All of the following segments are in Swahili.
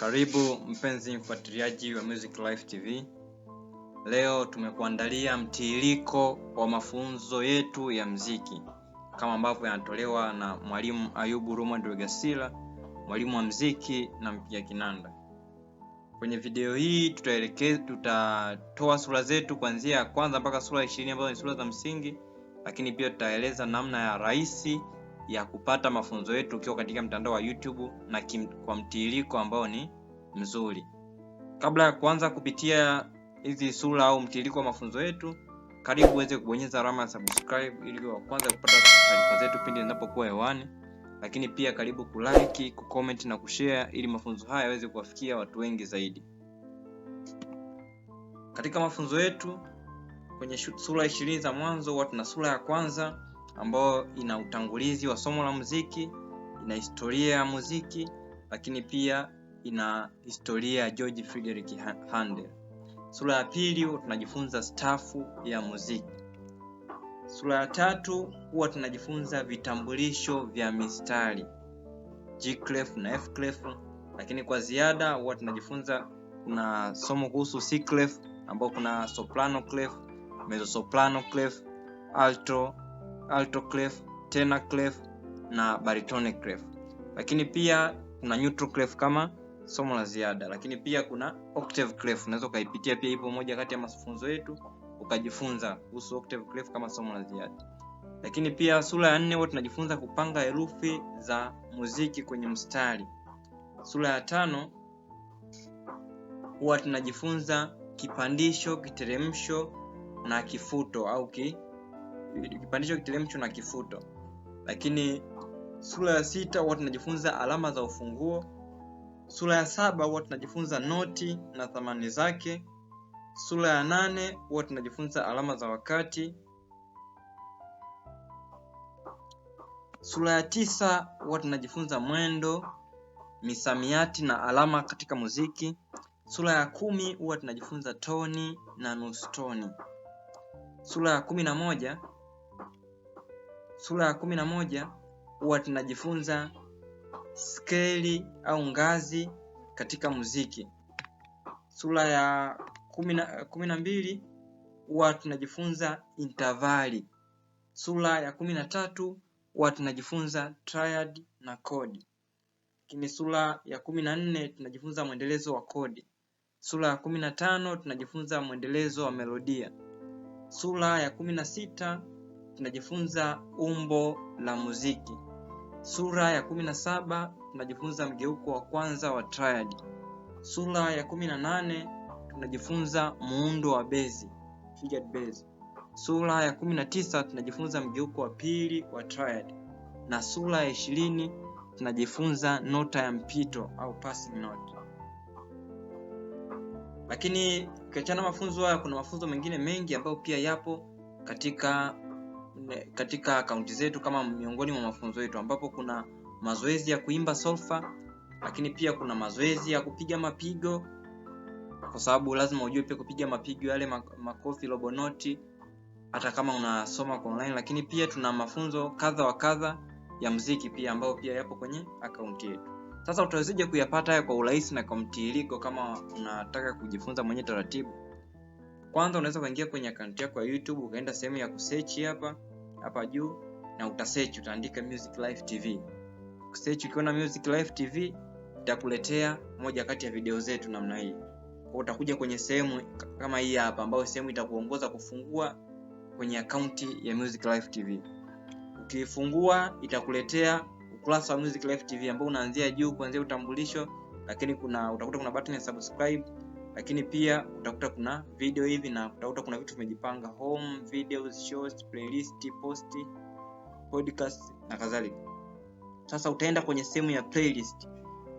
Karibu mpenzi mfuatiliaji wa Music Life TV. Leo tumekuandalia mtiririko wa mafunzo yetu ya mziki kama ambavyo yanatolewa na Mwalimu Ayubu Roma wegasila mwalimu wa mziki na mpiga kinanda. Kwenye video hii tutaelekea, tutatoa sura zetu kuanzia ya kwanza mpaka sura ishirini ambazo ni sura za msingi, lakini pia tutaeleza namna ya rahisi ya kupata mafunzo yetu ukiwa katika mtandao wa YouTube na kim, kwa mtiririko ambao ni mzuri. Kabla ya kuanza kupitia hizi sura au mtiririko wa mafunzo yetu, karibu uweze kubonyeza alama ya subscribe ili wa kwanza kupata taarifa zetu pindi zinapokuwa hewani. Lakini pia karibu kulike, kucomment na kushare ili mafunzo haya yaweze kuwafikia watu wengi zaidi. Katika mafunzo yetu kwenye sura ishirini za mwanzo huwa tuna sura ya kwanza ambayo ina utangulizi wa somo la muziki, ina historia ya muziki, lakini pia ina historia ya George Friedrich Handel. Sura ya pili tunajifunza stafu ya muziki. Sura ya tatu huwa tunajifunza vitambulisho vya mistari G clef na F clef, lakini kwa ziada huwa tunajifunza kuna somo kuhusu C clef ambao kuna soprano clef, mezzo soprano clef, alto alto clef, tenor clef na baritone clef. Lakini pia kuna neutral clef kama somo la ziada, lakini pia kuna octave clef. Unaweza ukaipitia pia, ipo moja kati ya mafunzo yetu ukajifunza kuhusu octave clef kama somo la ziada. Lakini pia sura ya nne huwa tunajifunza kupanga herufi za muziki kwenye mstari. Sura ya tano huwa tunajifunza kipandisho, kiteremsho na kifuto au ki kipandisho kiteremsho na kifuto. Lakini sura ya sita huwa tunajifunza alama za ufunguo. Sura ya saba huwa tunajifunza noti na thamani zake. Sura ya nane huwa tunajifunza alama za wakati. Sura ya tisa huwa tunajifunza mwendo, misamiati na alama katika muziki. Sura ya kumi huwa tunajifunza toni na nustoni Sura ya kumi na moja sura ya kumi na moja huwa tunajifunza skeli au ngazi katika muziki. Sura ya kumi na mbili huwa tunajifunza intavali. Sura ya kumi na tatu huwa tunajifunza triad na kodi, lakini sura ya kumi na nne tunajifunza mwendelezo wa kodi. Sura ya kumi na tano tunajifunza mwendelezo wa melodia. Sura ya kumi na sita tunajifunza umbo la muziki. Sura ya kumi na saba tunajifunza mgeuko wa kwanza wa triad. Sura ya kumi na tunajifunza muundo wa bezi, figured Sura ya kumi na tisa tunajifunza mgeuko wa pili wa triad, na sura ya ishirini tunajifunza nota ya mpito au passing note. Lakini ukiachana mafunzo haya, kuna mafunzo mengine mengi ambayo pia yapo katika katika akaunti zetu kama miongoni mwa mafunzo yetu, ambapo kuna mazoezi ya kuimba solfa, lakini pia kuna mazoezi ya kupiga mapigo, kwa sababu lazima ujue pia kupiga mapigo yale makofi robo noti, hata kama unasoma kwa online. Lakini pia tuna mafunzo kadha wa kadha ya mziki pia ambayo pia yapo kwenye akaunti yetu. Sasa utawezaje kuyapata haya kwa urahisi na kwa mtiririko kama unataka kujifunza mwenye taratibu? Kwanza unaweza kuingia kwenye akaunti yako ya YouTube ukaenda sehemu ya kusearch hapa hapa juu na utasearch, utaandika Music Life TV. Ukisearch ukiona Music Life TV itakuletea moja kati ya video zetu namna hii. Kwa utakuja kwenye sehemu kama hii hapa, ambayo sehemu itakuongoza kufungua kwenye akaunti ya Music Life TV. Ukifungua itakuletea ukurasa wa Music Life TV ambao unaanzia juu kuanzia utambulisho, lakini kuna utakuta kuna button ya subscribe lakini pia utakuta kuna video hivi na utakuta kuna vitu vimejipanga: home videos, shows playlist, post, podcast na kadhalika. Sasa utaenda kwenye sehemu ya playlist.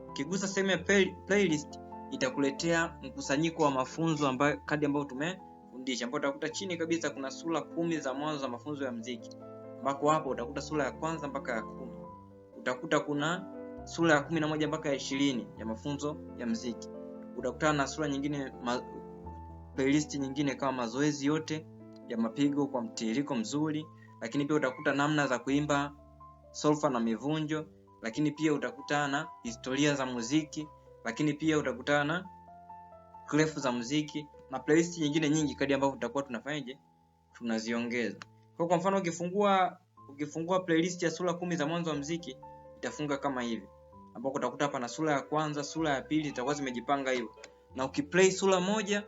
Ukigusa sehemu ya play, playlist itakuletea mkusanyiko wa mafunzo ambayo kadi ambayo tumefundisha, ambapo utakuta chini kabisa kuna sura kumi za mwanzo za mafunzo ya mziki, ambako hapo utakuta sura ya kwanza mpaka ya kumi. Utakuta kuna sura ya kumi na moja mpaka ya ishirini ya mafunzo ya mziki utakutana na sura nyingine ma, playlist nyingine kama mazoezi yote ya mapigo kwa mtiririko mzuri, lakini pia utakuta namna za kuimba solfa na mivunjo, lakini pia utakutana na historia za muziki, lakini pia utakutana na clef za muziki na playlist nyingine nyingi kadi ambavyo tutakuwa tunafanyaje tunaziongeza. Kwa kwa mfano ukifungua ukifungua playlist ya sura kumi za mwanzo wa muziki itafunga kama hivi ambapo utakuta hapa na sura ya kwanza, sura ya pili zitakuwa zimejipanga hivyo, na ukiplay sura moja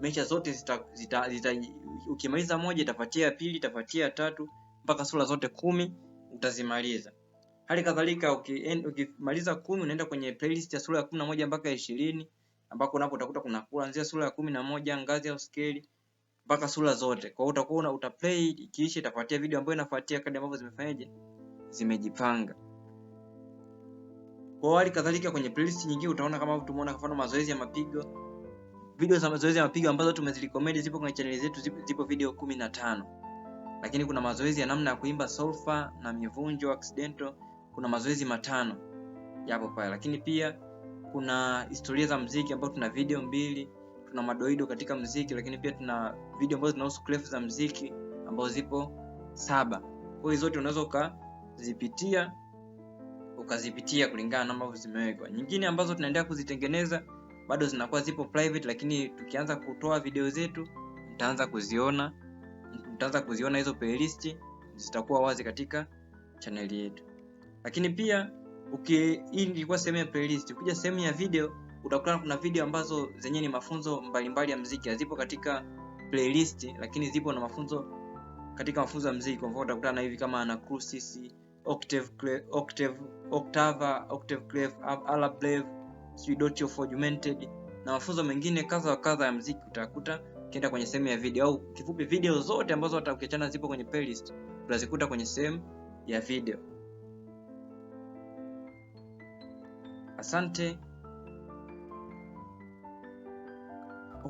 mecha zote zita, zita, zita, ukimaliza moja itafuatia ya pili, itafuatia ya tatu mpaka sura zote kumi utazimaliza. Hali kadhalika ukimaliza kumi unaenda kwenye playlist ya sura ya kumi na moja mpaka ishirini ambako unapo utakuta kuna kuanzia sura ya kumi na moja ngazi ya scale mpaka sura zote. Kwa hiyo utakuwa una uta ikiisha, itafuatia video ambayo inafuatia kadri ambavyo zimefanyaje, zimejipanga. Kwa hali kadhalika kwenye playlist nyingine utaona kama tumeona kwa mfano mazoezi ya mapigo. Video za mazoezi ya mapigo ambazo tumezirecommend zipo kwenye channel zetu, zipo zipo video 15 Lakini kuna mazoezi ya namna ya kuimba solfa na mivunjo accidental, kuna mazoezi matano yapo pale. Lakini pia kuna historia za mziki ambapo tuna video mbili, tuna madoido katika mziki, lakini pia tuna video ambazo zinahusu clef za mziki ambazo zipo saba. Kwa hiyo zote unaweza ukazipitia ukazipitia kulingana na ambavyo zimewekwa. Nyingine ambazo tunaendelea kuzitengeneza bado zinakuwa zipo private, lakini tukianza kutoa video zetu mtaanza kuziona, mtaanza kuziona hizo playlist zitakuwa wazi katika channel yetu. Lakini pia uki, hii ilikuwa sehemu ya playlist. Ukija sehemu ya video utakutana kuna video ambazo zenyewe ni mafunzo mbalimbali ya mziki hazipo katika playlist, lakini zipo na mafunzo katika mafunzo ya mziki. Kwa mfano utakutana na hivi kama Anacrusis, Octave, Octave Octava, Octave Alablev, sijui Dot of Augmented na mafunzo mengine kadha wa kadha ya muziki utakuta kienda kwenye sehemu ya video au kifupi video zote ambazo hata ukiachana zipo kwenye playlist utazikuta kwenye sehemu ya video. Asante.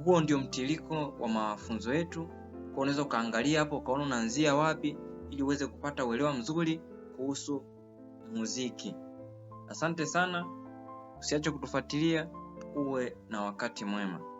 Huo ndio mtiririko wa mafunzo yetu, kwa unaweza ukaangalia hapo ukaona unaanzia wapi ili uweze kupata uelewa mzuri kuhusu muziki. Asante sana, usiache kutufuatilia, uwe na wakati mwema.